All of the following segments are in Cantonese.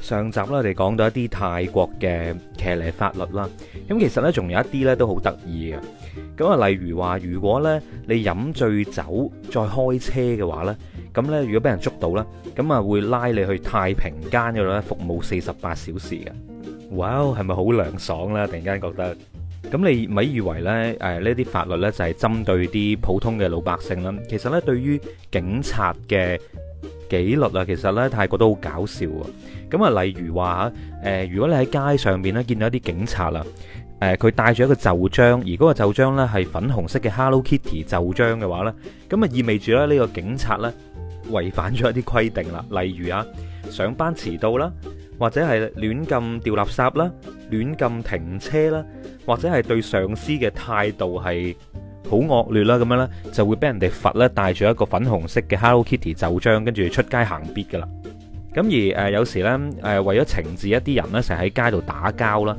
上集咧，我哋講到一啲泰國嘅騎呢法律啦，咁其實呢，仲有一啲呢都好得意嘅，咁啊例如話，如果呢，你飲醉酒再開車嘅話呢，咁呢，如果俾人捉到呢，咁啊會拉你去太平間嗰度咧服務四十八小時嘅，哇，係咪好涼爽呢？突然間覺得，咁你咪以為呢，誒呢啲法律呢就係針對啲普通嘅老百姓啦？其實呢，對於警察嘅。紀律啊，其實呢，泰國都好搞笑喎。咁啊，例如話嚇，誒，如果你喺街上面呢，見到一啲警察啦，誒，佢戴住一個袖章，而嗰個袖章呢係粉紅色嘅 Hello Kitty 袖章嘅話呢，咁啊意味住咧呢個警察呢違反咗一啲規定啦。例如啊，上班遲到啦，或者係亂咁掉垃圾啦，亂咁停車啦，或者係對上司嘅態度係，好惡劣啦，咁樣呢就會俾人哋罰呢帶住一個粉紅色嘅 Hello Kitty 袖章，跟住出街行必噶啦。咁而有時呢，為咗懲治一啲人呢成日喺街度打交啦。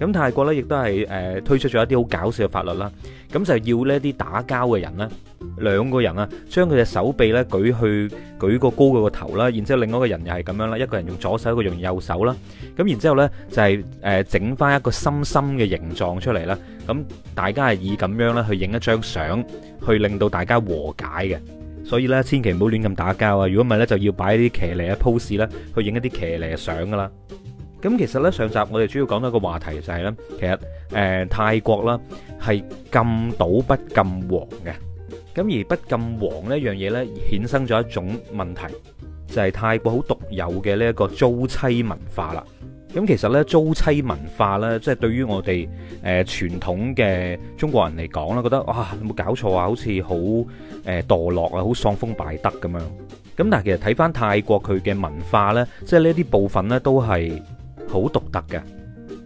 咁泰國呢，亦都係推出咗一啲好搞笑嘅法律啦。咁就要呢啲打交嘅人呢。兩個人啊，將佢隻手臂咧舉去舉個高佢個頭啦，然之後，另外一個人又係咁樣啦，一個人用左手，一個人用右手啦。咁然之後呢，就係誒整翻一個深深嘅形狀出嚟啦。咁大家係以咁樣咧去影一張相，去令到大家和解嘅。所以呢，千祈唔好亂咁打交啊！如果唔係呢，就要擺啲騎呢嘅 pose 啦，去影一啲騎呢嘅相噶啦。咁其實呢，上集我哋主要講到一個話題就係呢，其實誒泰國啦係禁賭不禁黃嘅。咁而不禁黃呢樣嘢，呢衍生咗一種問題，就係泰國好獨有嘅呢一個租妻文化啦。咁其實呢，租妻文化呢，即係對於我哋誒傳統嘅中國人嚟講啦，覺得哇，有冇搞錯啊？好似好誒墮落啊，好喪風敗德咁樣。咁但係其實睇翻泰國佢嘅文化呢，即係呢啲部分呢，都係好獨特嘅。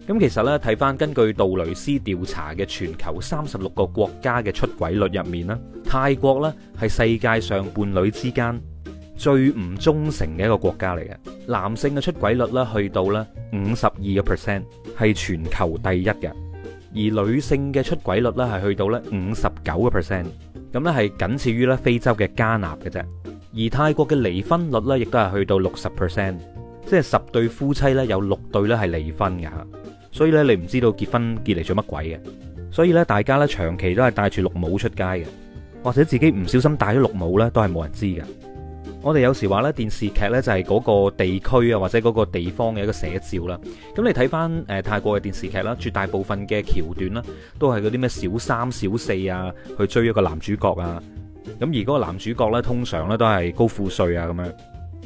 咁其實咧，睇返根據杜蕾斯調查嘅全球三十六個國家嘅出軌率入面啦，泰國咧係世界上伴侶之間最唔忠誠嘅一個國家嚟嘅。男性嘅出軌率咧去到咧五十二個 percent，係全球第一嘅。而女性嘅出軌率咧係去到咧五十九個 percent，咁咧係僅次於咧非洲嘅加納嘅啫。而泰國嘅離婚率咧亦都係去到六十 percent，即係十對夫妻咧有六對咧係離婚㗎。所以咧，你唔知道結婚結嚟做乜鬼嘅。所以咧，大家咧長期都係帶住綠帽出街嘅，或者自己唔小心帶咗綠帽咧，都係冇人知嘅。我哋有時話咧，電視劇咧就係嗰個地區啊，或者嗰個地方嘅一個寫照啦。咁你睇翻誒泰國嘅電視劇啦，絕大部分嘅橋段啦，都係嗰啲咩小三小四啊，去追一個男主角啊。咁而嗰個男主角咧，通常咧都係高富帥啊，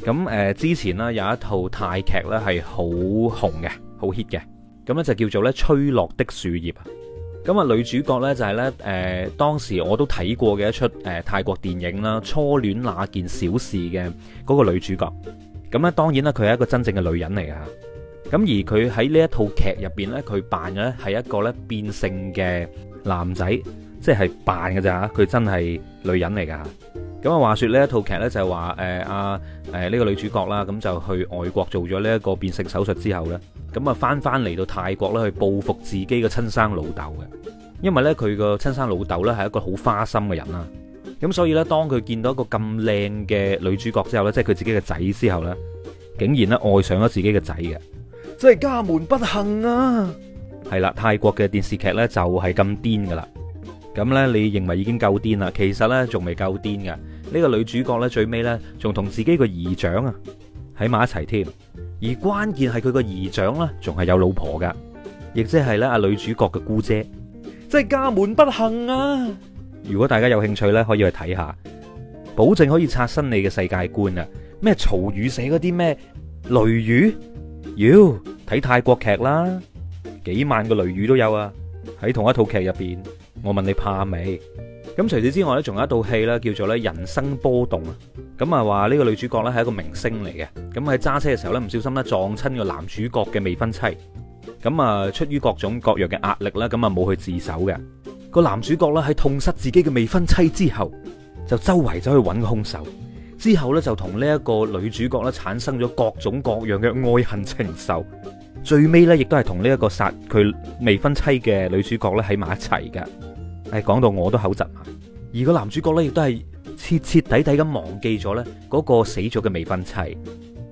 咁樣咁誒，之前呢有一套泰劇咧係好紅嘅，好 hit 嘅。咁咧就叫做咧吹落的樹葉啊！咁啊女主角呢，就係呢誒當時我都睇過嘅一出誒泰國電影啦《初戀那件小事》嘅嗰個女主角。咁咧當然啦，佢係一個真正嘅女人嚟嘅嚇。咁而佢喺呢一套劇入邊呢，佢扮嘅咧係一個咧變性嘅男仔，即係扮嘅咋，佢真係女人嚟嘅嚇。咁啊，話說呢一套劇咧就係話誒啊誒呢個女主角啦，咁就去外國做咗呢一個變性手術之後咧，咁啊翻翻嚟到泰國咧去報復自己嘅親生老豆嘅，因為咧佢個親生老豆咧係一個好花心嘅人啦，咁所以咧當佢見到一個咁靚嘅女主角之後咧，即係佢自己嘅仔之後咧，竟然咧愛上咗自己嘅仔嘅，真係家門不幸啊！係啦，泰國嘅電視劇咧就係咁癲噶啦，咁咧你認為已經夠癲啦，其實咧仲未夠癲嘅。呢、這個女主角咧最尾咧仲同自己個姨丈啊喺埋一齊添，而關鍵係佢個姨丈咧仲係有老婆噶，亦即係咧阿女主角嘅姑姐，即係家門不幸啊！如果大家有興趣咧，可以去睇下，保證可以刷新你嘅世界觀啊！咩曹禺寫嗰啲咩雷雨，妖睇泰國劇啦，幾萬個雷雨都有啊！喺同一套劇入邊，我問你怕未？咁除此之外呢，仲有一套戲呢叫做《人生波動》啊。咁啊，話呢個女主角呢係一個明星嚟嘅。咁喺揸車嘅時候呢唔小心咧撞親個男主角嘅未婚妻。咁啊，出於各種各樣嘅壓力啦，咁啊冇去自首嘅。個男主角呢喺痛失自己嘅未婚妻之後，就周圍走去揾兇手。之後呢，就同呢一個女主角呢產生咗各種各樣嘅愛恨情仇。最尾呢，亦都係同呢一個殺佢未婚妻嘅女主角咧喺埋一齊嘅。係講到我都口窒埋，而個男主角咧亦都係徹徹底底咁忘記咗咧嗰個死咗嘅未婚妻，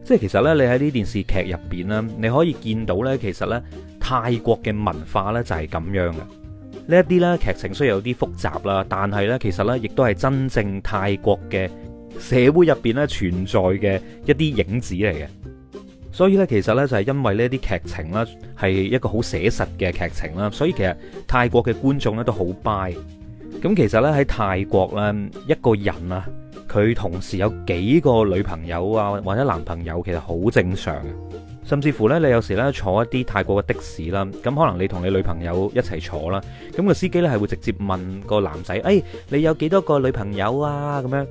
即係其實咧你喺呢電視劇入邊咧，你可以見到咧其實咧泰國嘅文化咧就係咁樣嘅，呢一啲咧劇情雖然有啲複雜啦，但係咧其實咧亦都係真正泰國嘅社會入邊咧存在嘅一啲影子嚟嘅。所以咧，其實咧就係因為呢啲劇情啦，係一個好寫實嘅劇情啦，所以其實泰國嘅觀眾咧都好 buy。咁其實咧喺泰國咧，一個人啊，佢同時有幾個女朋友啊，或者男朋友，其實好正常。甚至乎呢，你有時呢，坐一啲泰國嘅的士啦，咁可能你同你女朋友一齊坐啦，咁個司機呢，係會直接問個男仔：誒、哎，你有幾多個女朋友啊？咁樣。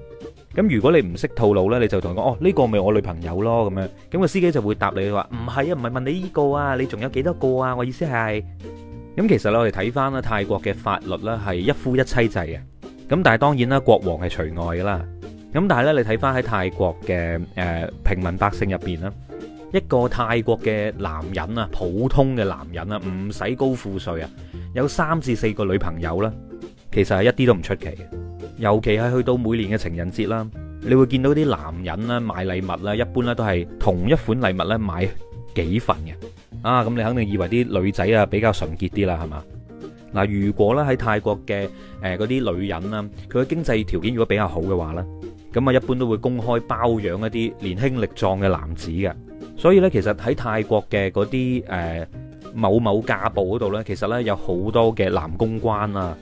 咁如果你唔識套路咧，你就同佢講哦，呢個咪我女朋友咯咁樣，咁個司機就會答你話唔係啊，唔係問你呢個啊，你仲有幾多個啊？我意思係，咁其實咧我哋睇翻咧泰國嘅法律咧係一夫一妻制嘅，咁但係當然啦，國王係除外噶啦，咁但係咧你睇翻喺泰國嘅誒平民百姓入邊咧，一個泰國嘅男人啊，普通嘅男人啊，唔使高富帥啊，有三至四個女朋友咧，其實係一啲都唔出奇嘅。尤其係去到每年嘅情人節啦，你會見到啲男人啦買禮物啦，一般咧都係同一款禮物咧買幾份嘅。啊，咁你肯定以為啲女仔啊比較純潔啲啦，係嘛？嗱，如果咧喺泰國嘅誒嗰啲女人啦，佢嘅經濟條件如果比較好嘅話咧，咁啊一般都會公開包養一啲年輕力壯嘅男子嘅。所以咧，其實喺泰國嘅嗰啲誒某某家暴嗰度咧，其實咧有好多嘅男公關啊。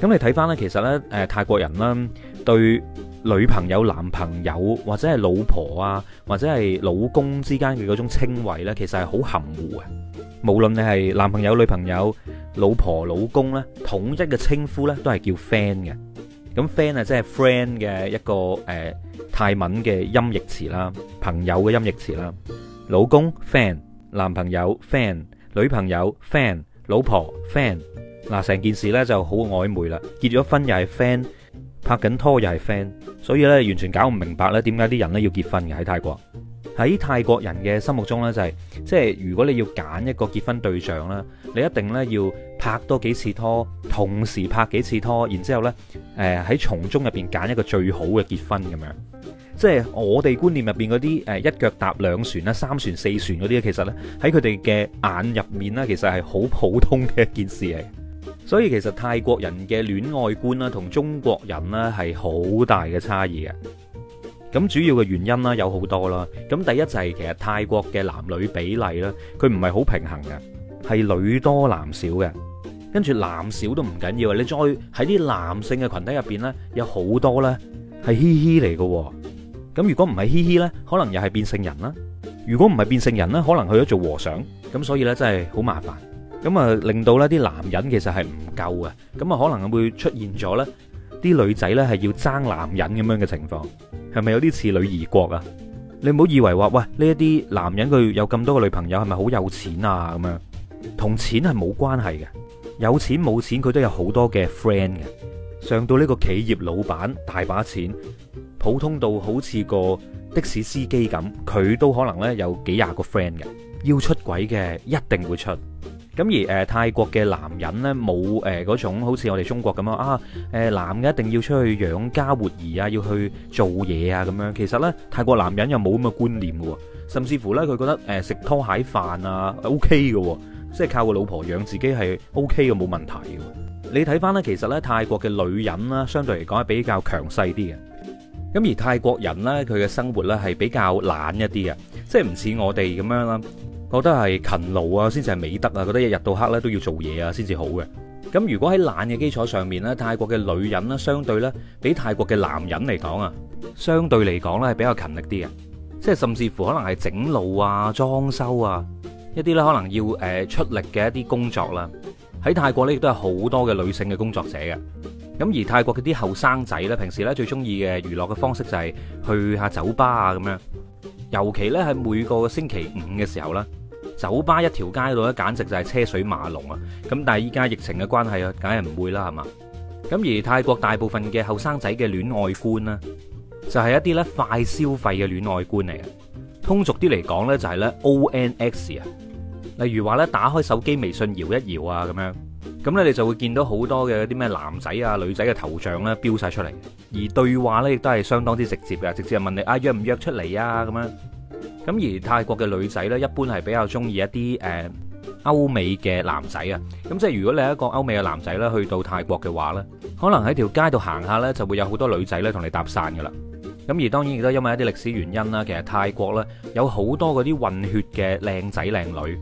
咁你睇返咧，其實咧，誒泰國人啦，對女朋友、男朋友或者係老婆啊，或者係老公之間嘅嗰種稱謂咧，其實係好含糊嘅。無論你係男朋友、女朋友、老婆、老公咧，統一嘅稱呼咧，都係叫 friend 嘅。咁 friend 啊，即係 friend 嘅一個誒泰文嘅音譯詞啦，朋友嘅音譯詞啦。老公 fan，男朋友 fan，女朋友 fan，老婆 fan。嗱，成件事咧就好曖昧啦，結咗婚又係 friend，拍緊拖又係 friend，所以咧完全搞唔明白咧點解啲人咧要結婚嘅喺泰國。喺泰國人嘅心目中呢，就係、是，即係如果你要揀一個結婚對象啦，你一定咧要拍多幾次拖，同時拍幾次拖，然之後呢誒喺從中入邊揀一個最好嘅結婚咁樣。即係我哋觀念入邊嗰啲誒一腳踏兩船啦、三船四船嗰啲，其實呢喺佢哋嘅眼入面呢，其實係好普通嘅一件事嚟。所以其實泰國人嘅戀愛觀啦，同中國人咧係好大嘅差異嘅。咁主要嘅原因啦，有好多啦。咁第一就係其實泰國嘅男女比例咧，佢唔係好平衡嘅，係女多男少嘅。跟住男少都唔緊要，你再喺啲男性嘅群體入邊咧，有好多呢係嘻嘻嚟嘅。咁如果唔係嘻嘻呢，可能又係變性人啦，啊。如果唔係變性人呢，可能去咗做和尚。咁所以呢，真係好麻煩。咁啊，令到呢啲男人其實係唔夠嘅，咁啊可能會出現咗呢啲女仔呢係要爭男人咁樣嘅情況，係咪有啲似女兒國啊？你唔好以為話喂呢一啲男人佢有咁多個女朋友，係咪好有錢啊？咁樣同錢係冇關係嘅，有錢冇錢佢都有好多嘅 friend 嘅。上到呢個企業老闆大把錢，普通到好似個的士司機咁，佢都可能呢有幾廿個 friend 嘅。要出軌嘅一定會出。咁而、呃、泰國嘅男人呢，冇嗰、呃、種好似我哋中國咁樣啊、呃、男嘅一定要出去養家活兒啊，要去做嘢啊咁樣。其實呢，泰國男人又冇咁嘅觀念喎、啊，甚至乎呢，佢覺得食拖鞋飯啊 OK 嘅、啊，即係靠個老婆養自己係 OK 嘅冇問題嘅、啊。你睇翻呢，其實呢，泰國嘅女人啦，相對嚟講係比較強勢啲嘅。咁而泰國人呢，佢嘅生活呢係比較懶一啲嘅，即係唔似我哋咁樣啦。覺得係勤勞啊，先至係美德啊！覺得一日到黑咧都要做嘢啊，先至好嘅。咁如果喺懶嘅基礎上面咧，泰國嘅女人呢，相對咧，比泰國嘅男人嚟講啊，相對嚟講咧係比較勤力啲嘅。即係甚至乎可能係整路啊、裝修啊一啲咧，可能要誒出力嘅一啲工作啦。喺泰國咧亦都有好多嘅女性嘅工作者嘅。咁而泰國嗰啲後生仔咧，平時咧最中意嘅娛樂嘅方式就係去下酒吧啊咁樣，尤其咧喺每個星期五嘅時候啦。酒吧一條街度咧，簡直就係車水馬龍啊！咁但係依家疫情嘅關係啊，梗係唔會啦，係嘛？咁而泰國大部分嘅後生仔嘅戀愛觀咧，就係、是、一啲咧快消費嘅戀愛觀嚟嘅。通俗啲嚟講呢，就係呢 O N X 啊。例如話呢，打開手機微信搖一搖啊，咁樣咁咧，你就會見到好多嘅啲咩男仔啊、女仔嘅頭像咧飆晒出嚟，而對話呢，亦都係相當之直接嘅，直接問你啊約唔約出嚟啊咁樣。咁而泰國嘅女仔呢，一般係比較中意一啲誒歐美嘅男仔啊。咁即係如果你係一個歐美嘅男仔呢，去到泰國嘅話呢，可能喺條街度行下呢，就會有好多女仔呢同你搭訕㗎啦。咁而當然亦都因為一啲歷史原因啦，其實泰國呢有好多嗰啲混血嘅靚仔靚女。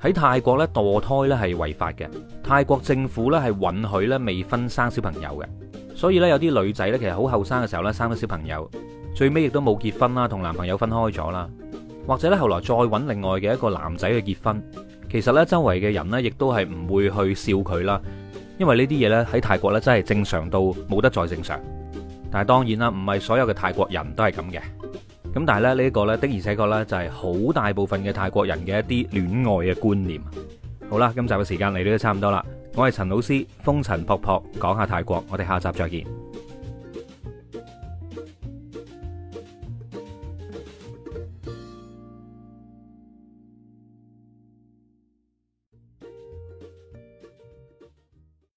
喺泰國呢，墮胎呢係違法嘅，泰國政府呢係允許未婚生小朋友嘅，所以呢，有啲女仔呢其實好後生嘅時候呢，生咗小朋友，最尾亦都冇結婚啦，同男朋友分開咗啦。或者咧，後來再揾另外嘅一個男仔去結婚，其實呢周圍嘅人呢亦都係唔會去笑佢啦，因為呢啲嘢呢喺泰國呢真係正常到冇得再正常。但係當然啦，唔係所有嘅泰國人都係咁嘅。咁但係咧，呢一個咧的而且確呢，就係好大部分嘅泰國人嘅一啲戀愛嘅觀念。好啦，今集嘅時間嚟,到都差唔多啦，我係陳老師，風塵僕僕講一下泰國，我哋下集再見。